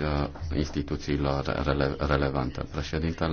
Uh, instituțiilor rele- relevante. Președintele